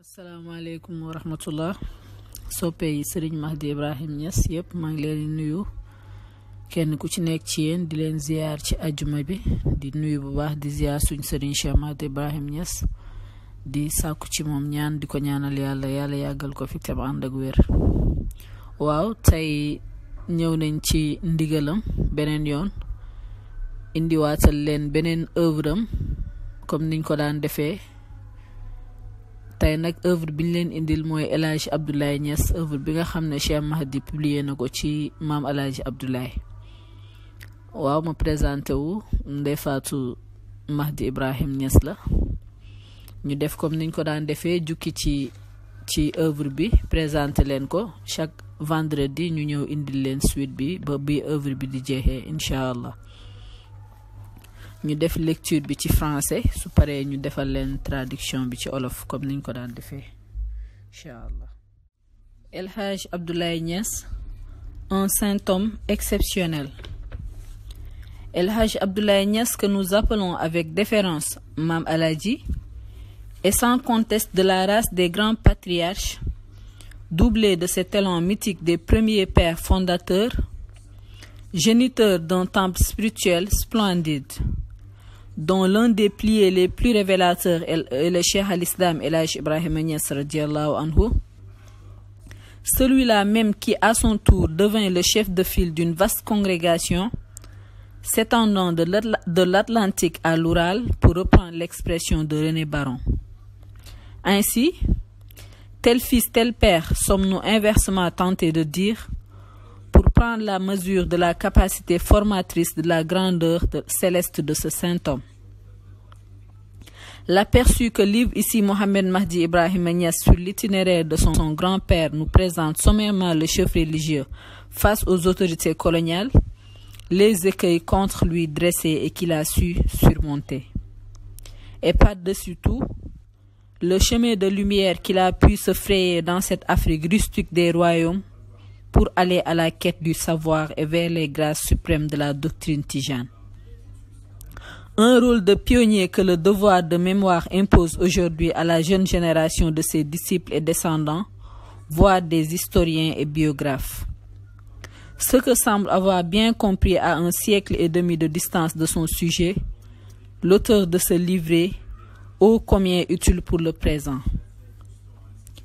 asalaamaaleykum wa rahmatullah soppe yi sëriñ Mahdi Ibrahim Niass yëpp maa ngi leen nuyu kenn ku ci nekk ci yéen di leen ziar ci ajuma bi di nuyu bu baax di ziar suñ sëriñ Cheikh Mahdi Ibrahim Niass di sàkku ci moom ñaan di ko ñaanal yàlla yàlla yàggal ko fi te mu ànd ak wér waaw tey ñëw nañ ci ndigalam beneen yoon indiwaatal leen beneen œuvre am comme niñ ko daan defee tey nag œuvre bi ñu leen indil mooy El Hadj Abdoulaye Niass œuvre bi nga xam ne Cheikh Mahdi publié na ko ci maam El Hadj Abdoulaye waaw ma présenté wu Ndeye Fatou Mahdi Ibrahim ñes la ñu def kom niñ ko daan defee jukki ci ci œuvre bi présenté leen ko chaque vendredi ñu ñëw indil leen suite bi ba bi œuvre bi di jeexee incha allah. ñu def lecture bi ci français su paree ñu defal leen traduction bi ci olof comme niñ ko daan defee incha allah. El Hadj Abdoulaye Niass un saint homme exceptionnel. El Hadj Abdoulaye Niass que nous appelons avec déférence Mam Aladji et sans conteste de la race des grands patriarches doublé de cet élan mythique des premiers pères fondateurs géniteur d'un temple spirituel splendide. dont l'un des piliers les plus révélateurs est le cheikh al-Islam El Hadj Ibrahima Niass radiallahu anhu celui-là même qui à son tour devint le chef de file d'une vaste congrégation s'étendant de l'Atlantique à l'Oural pour reprendre l'expression de René Baron ainsi tel fils tel père sommes-nous inversement tentés de dire pour prendre la mesure de la capacité formatrice de la grandeur de céleste de ce saint homme L'aperçu que livre ici Mohamed Mahdi Ibrahim Niass sur l'itinéraire de son, son grand-père nous présente sommairement le chef religieux face aux autorités coloniales, les écueils contre lui dressés et qu'il a su surmonter. Et par-dessus tout, le chemin de lumière qu'il a pu se frayer dans cette Afrique rustique des royaumes pour aller à la quête du savoir et vers les grâces suprêmes de la doctrine tijane. un rôle de pionnier que le devoir de mémoire impose aujourd'hui à la jeune génération de ses disciples et descendants, voire des historiens et biographes. Ce que semble avoir bien compris à un siècle et demi de distance de son sujet, l'auteur de ce livret, ô combien utile pour le présent.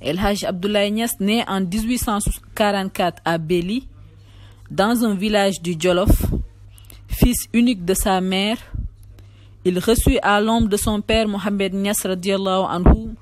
El Haj Abdoulaye Niass, né en 1844 à Béli, dans un village du Djolof, fils unique de sa mère, Il reçut à l'ombre de son père Mohamed Niass radiallahu anhu,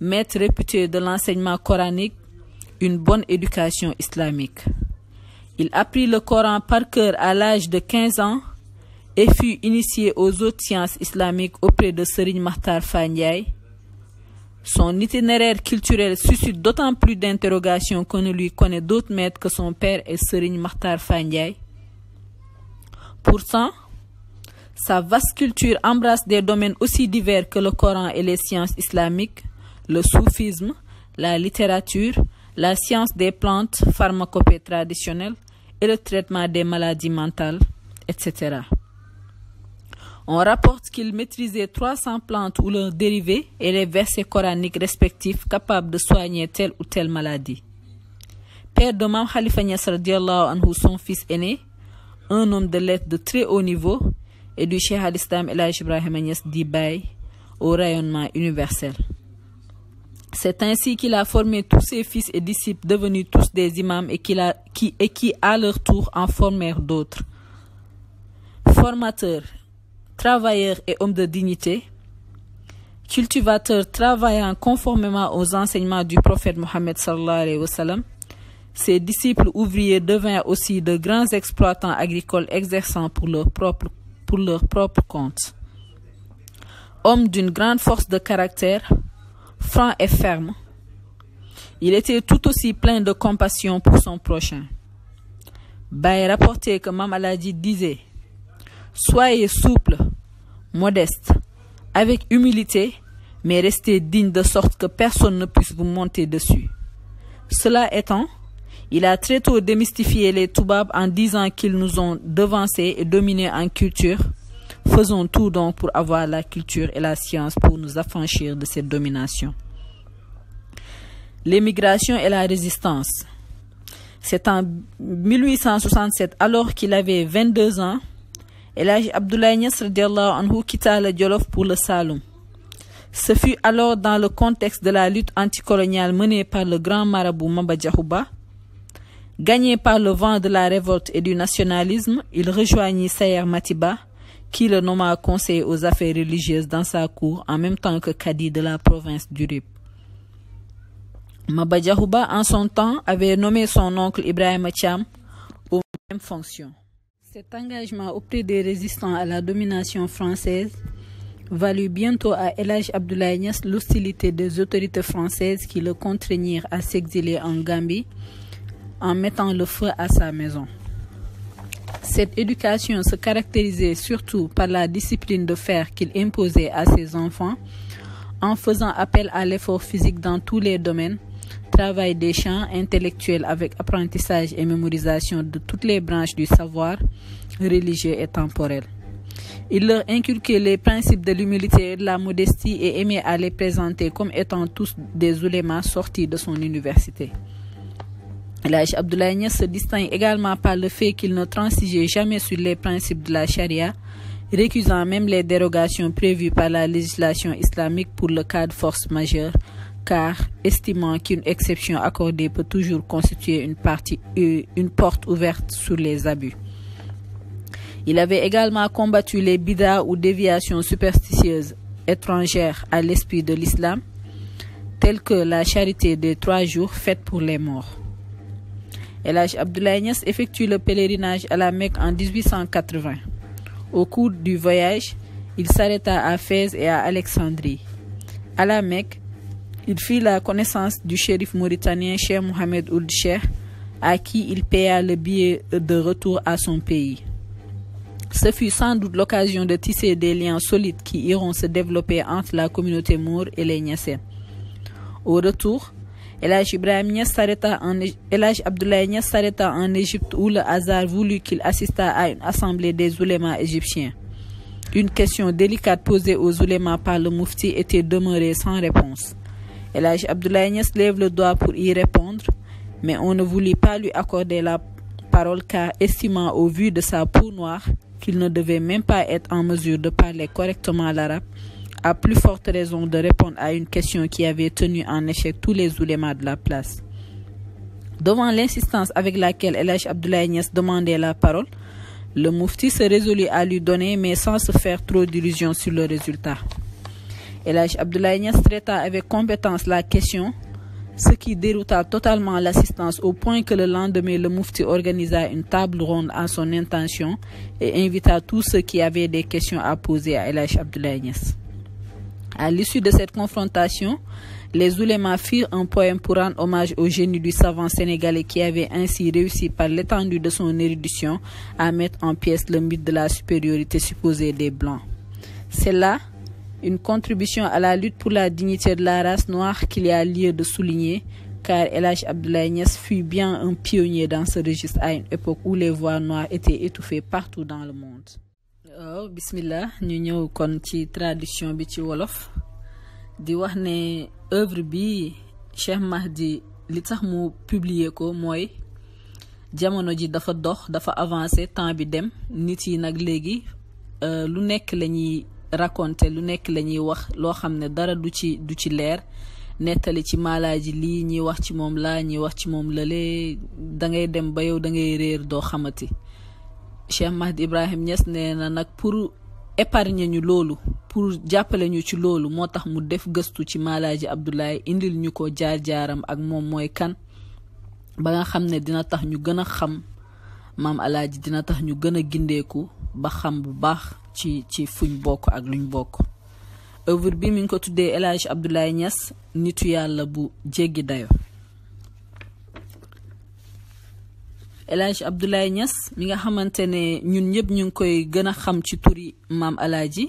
maître réputé de l'enseignement coranique, une bonne éducation islamique. Il apprit le Coran par à l'âge de 15 ans et fut initié aux autres sciences islamiques auprès de Serigne Mahtar Fandiaï. Son itinéraire culturel suscite d'autant plus d'interrogations qu'on ne lui connaît d'autres maîtres que son père et Serigne Mahtar Fandiaï. Pourtant, Sa vaste culture embrasse des domaines aussi divers que le Coran et les sciences islamiques, le soufisme, la littérature, la science des plantes, pharmacopée traditionnelle et le traitement des maladies mentales, etc. On rapporte qu'il maîtrisait 300 plantes ou leurs dérivés et les versets coraniques respectifs capables de soigner telle ou telle maladie. Père de Mam Khalifa Niass, son fils aîné, un homme de lettres de très haut niveau, et du Cheikh al Islam El Hadj Ibrahim Niass dit bail au rayonnement universel. C'est ainsi qu'il a formé tous ses fils et disciples devenus tous des imams et, qu'il a, qui, et à leur tour en formèrent d'autres. Formateurs, travailleurs et hommes de dignité, cultivateurs travaillant conformément aux enseignements du prophète Mohammed sallallahu alayhi wa sallam, ses disciples ouvriers devinrent aussi de grands exploitants agricoles exerçant pour leur propre pour leur propre compte. Homme d'une grande force de caractère, franc et ferme, il était tout aussi plein de compassion pour son prochain. Baye rapportait que Mamaladi disait Soyez souple, modeste, avec humilité, mais restez digne de sorte que personne ne puisse vous monter dessus. Cela étant, Il a très tôt démystifié les Toubabs en disant qu'ils nous ont devancés et dominés en culture. Faisons tout donc pour avoir la culture et la science pour nous affranchir de cette domination. L'émigration et la résistance. C'est en 1867, alors qu'il avait 22 ans, Elhaj Abdoulaye Niass anhu quitta le Djolof pour le Saloum. Ce fut alors dans le contexte de la lutte anticoloniale menée le grand marabout Gagné par le vent de la révolte et du nationalisme, il rejoignit Sayer Matiba, qui le nomma conseiller aux affaires religieuses dans sa cour en même temps que cadi de la province du Rip. en son temps, avait nommé son oncle Ibrahima Thiam aux mêmes fonctions. Cet engagement auprès des résistants à la domination française valut bientôt à El Hadj Abdoulaye Niass l'hostilité des autorités françaises qui le contraignirent à s'exiler en Gambie. en mettant le feu à sa maison. Cette éducation se caractérisait surtout par la discipline de fer qu'il imposait à ses enfants en faisant appel à l'effort physique dans tous les domaines, travail des champs intellectuels avec apprentissage et mémorisation de toutes les branches du savoir religieux et temporel. Il leur inculquait les principes de l'humilité et de la modestie et aimait à les présenter comme étant tous des oulémas sortis de son université. El Hadj Abdoulaye Niass se distingue également par le fait qu'il ne transigeait jamais sur les principes de la charia, récusant même les dérogations prévues par la législation islamique pour le cas de force majeure, car estimant qu'une exception accordée peut toujours constituer une, partie, euh, une porte ouverte sur les abus. Il avait également combattu les bidas ou déviations superstitieuses étrangères à l'esprit de l'islam, telles que la charité des trois jours faite pour les morts. El Hadj Abdoulaye Niass effectue le pèlerinage à la Mecque en 1880. Au cours du voyage, il s'arrêta à Fès et à Alexandrie. À la il fit la connaissance du shérif mauritanien Cheikh Mohamed Ould Cheikh, à qui il paya le billet de retour à son pays. Ce fut sans doute l'occasion de tisser des liens solides qui iront se développer entre la communauté maure et les Niassènes. Au retour, El Hadj Ibrahim Niass s'arrêta en El Hadj Abdoulaye Niass s'arrêta en Égypte où le hasard voulut qu'il assista à une assemblée des oulémas égyptiens. Une question délicate posée aux oulémas par le Mufti était demeurée sans réponse. El Hadj lève le doigt pour y répondre, mais on ne voulut pas lui accorder la parole car estimant au vu de sa peau noire qu'il ne devait même pas être en mesure de parler correctement l'arabe. à plus forte raison de répondre à une question qui avait tenu en échec tous les oulémas de la place. Devant l'insistance avec laquelle Elhaj Abdoulaye Niass demandait la parole, le moufti se résolut à lui donner, mais sans se faire trop d'illusions sur le résultat. Elhaj Abdoulaye Niass traita avec compétence la question, ce qui dérouta totalement l'assistance au point que le lendemain, le moufti organisa une table ronde en son intention et invita tous ceux qui avaient des questions à poser à Elhaj Abdoulaye À l'issue de cette confrontation, les oulémas firent un poème pour rendre hommage au génie du savant sénégalais qui avait ainsi réussi par l'étendue de son érudition à mettre en pièces le mythe de la supériorité supposée des Blancs. C'est là une contribution à la lutte pour la dignité de la race noire qu'il y a lieu de souligner, car H. Abdoulaye Niass fut bien un pionnier dans ce registre à une époque où les voix noires étaient étouffées partout dans le monde. waaw euh, bismillah ñu ñëw kon ci tradition bi ci wolof di wax ne œuvre bi Cheikh Mahdi li tax mu publier ko mooy jamono ji dafa dox dafa avancé temps bi dem nit yi nag léegi euh, lu nekk la ñuy raconter lu nekk la ñuy wax loo xam ne dara du ci du ci leer nettali ci maalaaji lii ñuy wax ci moom laa ñuy wax ci moom lale da ngay dem ba yow da ngay réer doo xamati Cheikh Mahdi Ibrahim Niass nee na nag pour épargner ñu loolu pour jàppale ñu ci loolu moo tax mu def gëstu ci Maalaji Abdoulaye indil ñu ko jaar-jaaram ak moom mooy kan ba nga xam ne dina tax ñu gën a xam maam alaaji dina tax ñu gën a gindeeku ba xam bu baax ci ci fuñ bokk ak luñ bokk œuvre bi mi ngi ko tuddee El Hadj Abdoulaye Niass nitu yàlla bu jéggi dayo El Hadj Abdoulaye Niass mi nga xamante ne ñun ñëpp ñu ngi koy gën a xam ci turi maam alaaji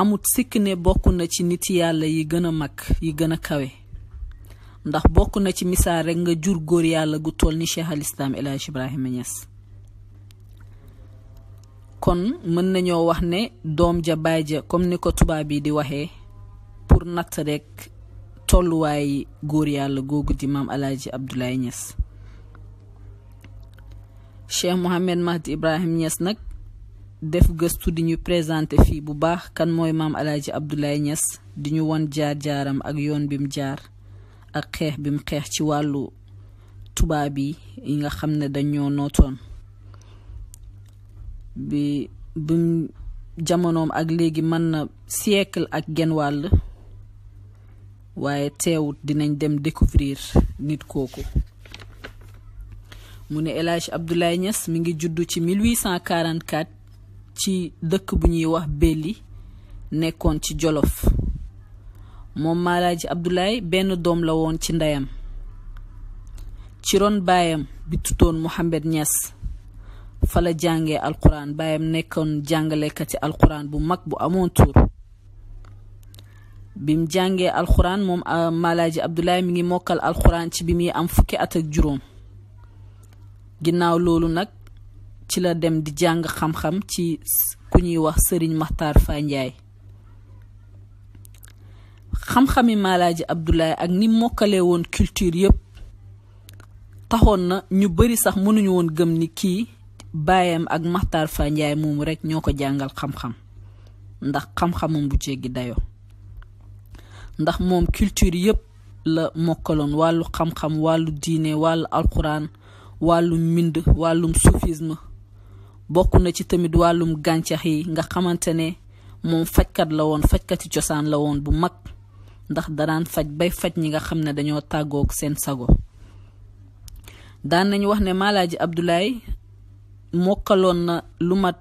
amut sikk ne bokk na ci nit yàlla yi gën a mag yi gën a kawe ndax bokk na ci misaal rekk nga jur góor yàlla gu toll ni cheikh al islam El Hadj kon mën nañoo wax ne doom ja baay ja comme ni ko tubaab yi di waxee pour natt rekk tolluwaay góor yàlla googu di maam alaaji Abdoulaye Niass Cheikh Mohamed Mahdi Ibrahim Niass nag def gëstu di ñu présenté fii bu baax kan mooy maam Alaaji Abdoulaye Niass di ñu won jaar-jaaram ak yoon bim jaar ak xeex bim xeex ci wàllu tubaab yi yi nga xam ne dañoo nootoon bi bim jamonoom ak léegi mën na siècle ak genn wàll waaye teewut dinañ dem découvrir nit kooku mu ne El Hadj Abdoulaye mi ngi juddu ci 1844 ci dëkk bu ñuy wax Belli nekkoon ci Jolof moom Maalaaji Abdoulaye benn doom la woon ci ndeyam ci ron baayam bi tutoon Mohamed Niass fa la jàngee alquran baayam nekkoon jàngalekati alquran bu mag bu amoon tur bim jàngee alxuraan moom euh, Maalaaji Abdoulaye mi ngi mokkal alquran ci bi muy am fukki at ak juróom. ginnaaw loolu nag ci la dem di jàng xam-xam ci ku ñuy wax sëriñ maxtaar faa njaay xam-xami maalaaji abdoulaye ak ni mokkale woon culture yépp taxoon na ñu bari sax mënuñu woon gëm ni kii baayam ak maxtaar faa moomu rekk ñoo ko jàngal xam-xam ndax xam-xamam bu jéggi dayo ndax moom culture yépp la mokkaloon wàllu xam-xam wàllu diine wàllu alxuraan wàllum mbind wàllum soufisme bokk na ci tamit wàllum gàncax yi nga xamante ne moom fajkat la woon fajkati cosaan la woon bu mag ndax danaan faj bay faj ñi nga xam ne dañoo tàggook seen sago daan nañu wax ne Maalaaji Abdoulaye mokkaloon na lu mat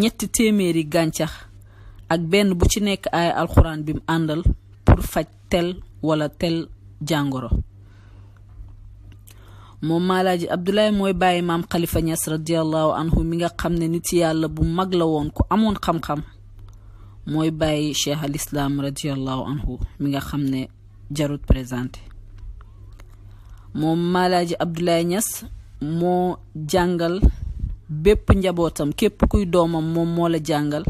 ñetti téeméeri gàncax ak benn bu ci nekk ay alxuraan bi mu àndal pour faj tel wala tel jàngoro moom maalaaji Abdoulaye mooy bàyyi maam Khalifa Niass radiallahu anhu mi nga xam ne nit yàlla bu mag la woon ku amoon xam-xam mooy bàyyi cheikh al islam radiallahu anhu mi nga xam ne jarut présenté moom maalaaji Abdoulaye Niass moo jàngal bépp njabootam képp kuy doomam moom moo la jàngal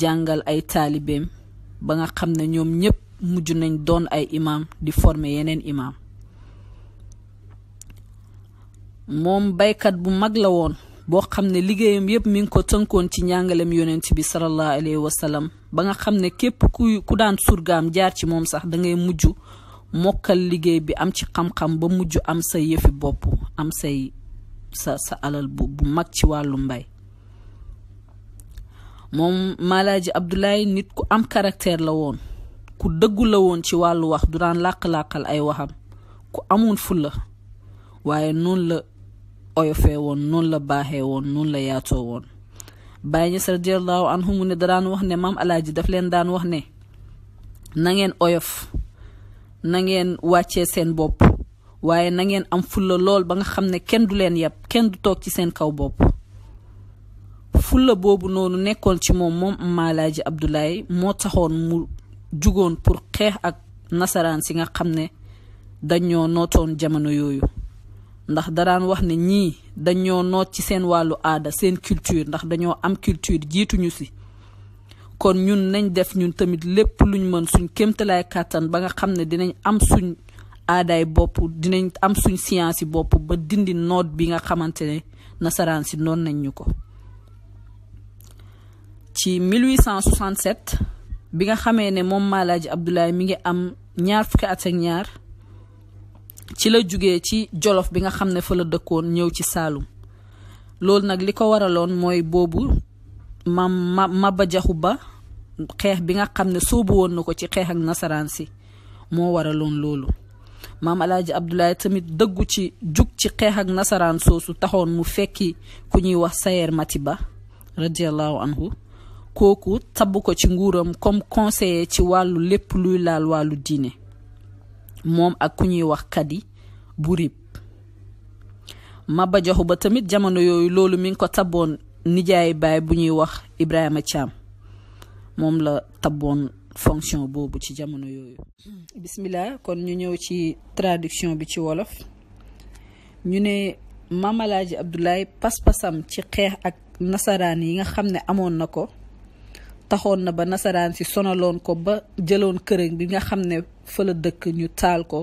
jàngal ay taalibeem ba nga xam ne ñoom ñépp mujj nañ doon ay imaam di former yeneen imaam moom baykat bu mag la woon boo xam ne liggéeyam yépp mi ngi ko tënkoon ci njàngalem yonent bi sallallahu alayhi wa sallam ba nga xam ne képp ku ku daan surgaam jaar ci moom sax da ngay mujj mokkal liggéey bi am ci xam-xam ba mujj am sa yëfi bopp am say sa sa alal bu bu mag ci wàllu mbay moom Malaaji Abdoulaye nit ku am caractère la woon ku dëggu la woon ci wàllu wax du daan làq làkkal ay waxam ku amoon fulla waaye noonu la oyofee woon noonu la baaxe woon noonu la yaatoo woon Baay sa radiyallaahu anhu mu ne da wax ne maam alaaji daf leen daan wax ne nangeen oyof na ngeen wàccee seen bopp waaye na ngeen am fulla lool ba nga xam ne kenn du leen yab kenn du toog ci seen kaw bopp fulla boobu noonu nekkoon ci moom moom maalaaji Abdoulaye moo taxoon mu jugoon pour xeex ak nasaraan si nga xam ne dañoo nootoon jamono yooyu ndax daraan wax ne ñii dañoo noot ci seen wàllu aada seen culture ndax dañoo am culture jiituñu si kon ñun nañ def ñun tamit lépp luñ mën suñ kéemtalaay kàttan ba nga xam ne dinañ am suñ aadaay bopp dinañ am suñ science yi bopp ba dindi noot bi nga xamante ne nasaraan si noon nañ ñu ko ci 1867 bi nga xamee ne moom Maalaaji Abdoulaye mi ngi am ñaar fukki at ak ñaar ci la jugee ci jolof bi nga xam ne fa la dëkkoon ñëw ci saalum loolu nag li ko waraloon mooy boobu ma ma Maba Jaxu Ba xeex bi nga xam ne sóobu woon na ko ci xeex ak nasaraan si moo waraloon loolu maam alaaji Abdoulaye tamit dëggu ci jug ci xeex ak nasaraan soosu taxoon mu fekki ku ñuy wax Sayer ba radiallahu anhu kooku tabb ko ci nguuram comme conseiller ci wàllu lépp luy laal wàllu diine moom ak ku ñuy wax kadi bu rib Maba Jaxu Ba tamit jamono yooyu loolu mi ngi ko tabboon nijaay baay bu ñuy wax Ibrahima Thiam moom la tabboon fonction boobu ci jamono yooyu bismillah kon ñu ñëw ci traduction bi ci wolof ñu ne Mamalaaji Abdoulaye pas-pasam ci xeex ak nasaraan yi nga xam ne amoon na ko taxoon na ba nasaraan si sonaloon ko ba jëloon këram bi nga xam ne fa la dëkk ñu taal ko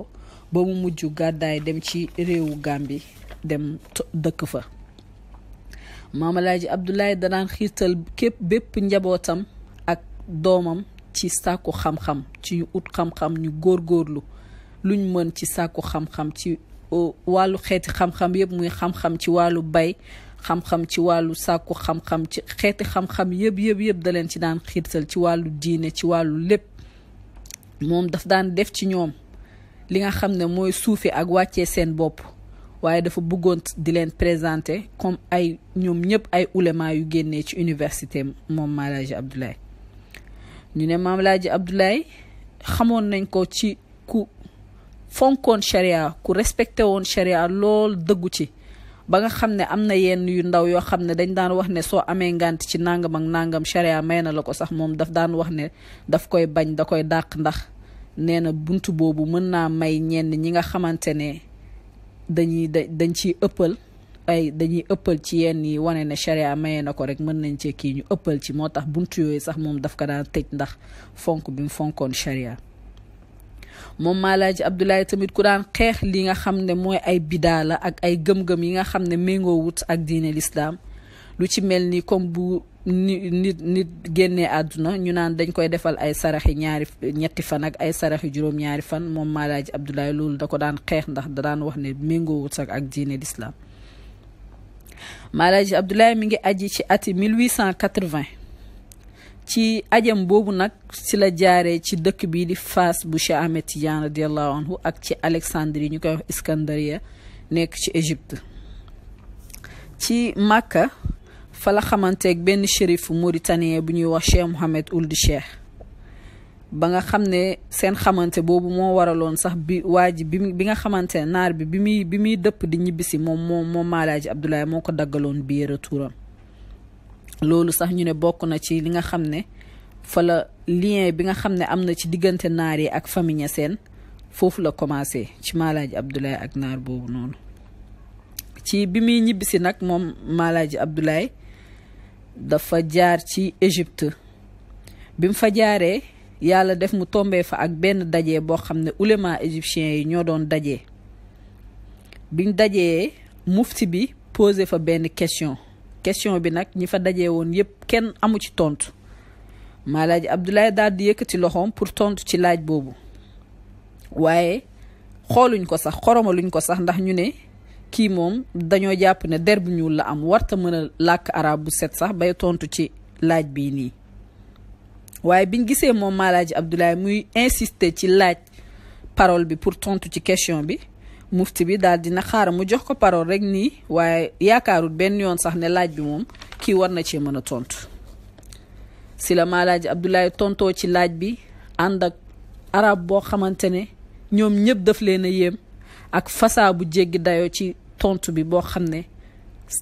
ba mu mujj gàddaay dem ci réewu bi dem dëkk fa Maamalaaji Abdoulaye danaan xiirtal képp bépp njabootam ak doomam ci sàkku xam-xam ci ñu ut xam-xam ñu góorlu lu mën ci sàkku xam-xam ci uh, wàllu xeeti xam-xam yëpp muy xam-xam ci wàllu bay xam-xam ci wàllu sàkku xam-xam ci xeeti xam-xam yëpp yëpp yëpp da leen ci daan xiirtal ci wàllu diine ci wàllu lépp moom daf daan def ci ñoom li nga xam ne mooy suufe ak wàccee seen bopp waaye dafa buggoon di leen présenter comme ay ñoom ñëpp ay ulema yu génnee ci université moom Maam Laaji Abdoulaye ñu ne Maam Laaji Abdoulaye xamoon nañ ko ci ku fonkoon sharia ku respecté woon sharia lool dëggu ci ba nga xam ne am na yenn yu ndaw yoo xam ne dañ daan wax ne soo amee ngànt ci nàngamam ak nangam charia may na la ko sax moom daf daan wax ne daf koy bañ da koy dàq ndax nee na bunt boobu mën naa may ñenn ñi nga xamante ne dañuy da dañ ciy ëppal ay dañuy ëppal ci yenn yi wane ne charia maye na ko rek mën nañ cee kii ñu ëppal ci moo tax buntu yooyu sax moom daf ko daan tëj ndax fonk bi mu fonkoon charia moom Maalaaji Abdoulaye tamit ku daan xeex li nga xam ne mooy ay bidaa la ak ay gëm-gëm yi nga xam ne méngoo wut ak diine lislaam lu ci mel ni comme bu ni nit nit génnee àdduna ñu naan dañ koy defal ay saraxi ñaari ñetti fan ak ay saraxi juróom-ñaari fan moom Maalaaji Abdoulaye loolu da ko daan xeex ndax da daan wax ne méngoo wut ak ak diine lislaam Maalaaji Abdoulaye mi ngi aji ci ati 1880 ci ajam boobu nag ci la jaare ci dëkk bii di Fass bu Cheikh Ahmed Tidiane radiallahu anhu ak ci Alexandrie ñu koy wax Iskandariya nekk ci Égypte ci Màkka fala la benn shérif mauritanien bu ñuy wax Cheikh Mohamed Ould Cheikh ba nga xam ne seen xamante boobu moo waraloon sax bi waa ji bi bi nga xamante naar bi bi muy bi muy dëpp di ñibbisi moom moom moom Maalaaji Abdoulaye moo ko daggaloon biir retouram loolu sax ñu ne bokk na ci li nga xam ne fa lien bi nga xam ne am na ci diggante naar yi ak famille Niassène foofu la commencé ci Maalaji Abdoulaye ak naar boobu noonu ci bi muy ñibbisi nag moom Maalaji Abdoulaye dafa jaar ci Égypte bi mu fa jaaree yàlla def mu tombee fa ak benn daje boo xam ne ulema égyptien yi ñoo doon daje biñ dajee mufti bi posé fa benn question question bi nag ñi fa daje woon yépp kenn amu ci tontu Maalaaji Abdoulaye daal di yëkkati loxoom pour tontu ci laaj boobu waaye xooluñ ko sax xoromaluñ ko sax ndax ñu ne kii moom dañoo jàpp ne der bu ñuul la am warta mën a làkk arab bu set sax bay tontu ci laaj bii nii waaye biñ gisee moom Maalaaji Abdoulaye muy insister ci laaj parole bi pour tontu ci question bi mufti bi daal dina xaaral mu jox ko parole rek nii waaye yaakaarul benn yoon sax ne laaj bi moom kii war na cee mën a tontu si la Maalaji Abdoulaye tontoo ci laaj bi ànd ak arab boo xamante ne ñoom ñëpp daf leen a yéem ak fasaa bu jéggi dayoo ci tontu bi boo xam ne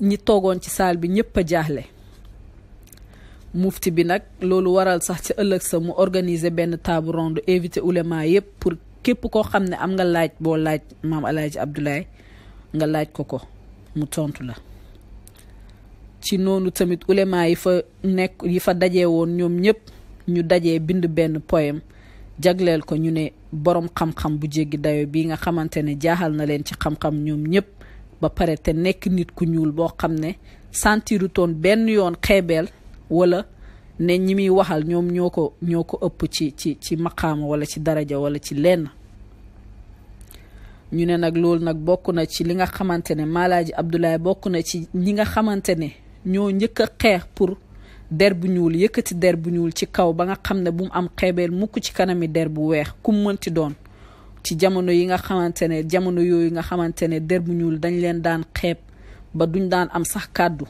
ñi toogoon ci saal bi ñëpp a jaaxle mufti bi nag loolu waral sax ci ëllëg sa mu organiser benn table ronde invité ulema yëpp pour képp koo xam ne am nga laaj boo laaj maam Alaaji Abdoulaye nga laaj ko ko mu tontu la ci noonu tamit ulema yi fa nekk yi fa daje woon ñoom ñëpp ñu daje bind benn poème jagleel ko ñu ne boroom xam-xam bu jéggi dayo bi nga xamante ne jaaxal na leen ci xam-xam ñoom ñëpp ba pare te nekk nit ku ñuul boo xam ne santiru ton benn yoon xeebeel wala ne ñi muy waxal ñoom ñoo ko ñoo ko ëpp ci ci ci maqaama wala ci daraja wala ci lenn ñu ne nag loolu nag bokk na ci li nga xamante ne Maalaaji Abdoulaye bokk na ci ñi nga xamante ne ñoo njëkk a xeex pour der bu ñuul yëkkati der bu ñuul ci kaw ba nga xam ne bu mu am xeebeel mukk ci kanami der bu weex ku mu mënti doon ci jamono yi nga xamante ne jamono yooyu nga xamante ne der bu ñuul dañ leen daan xeeb ba duñ daan am sax kàddu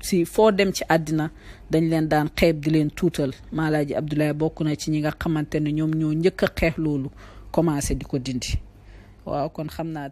si foo dem ci àddina dañ leen daan xeeb di leen tuutal Maalaaji Abdoulaye bokk na ci ñi nga xamante ne ñoom ñoo njëkk a xeex loolu commencé di ko dindi waaw kon xam naa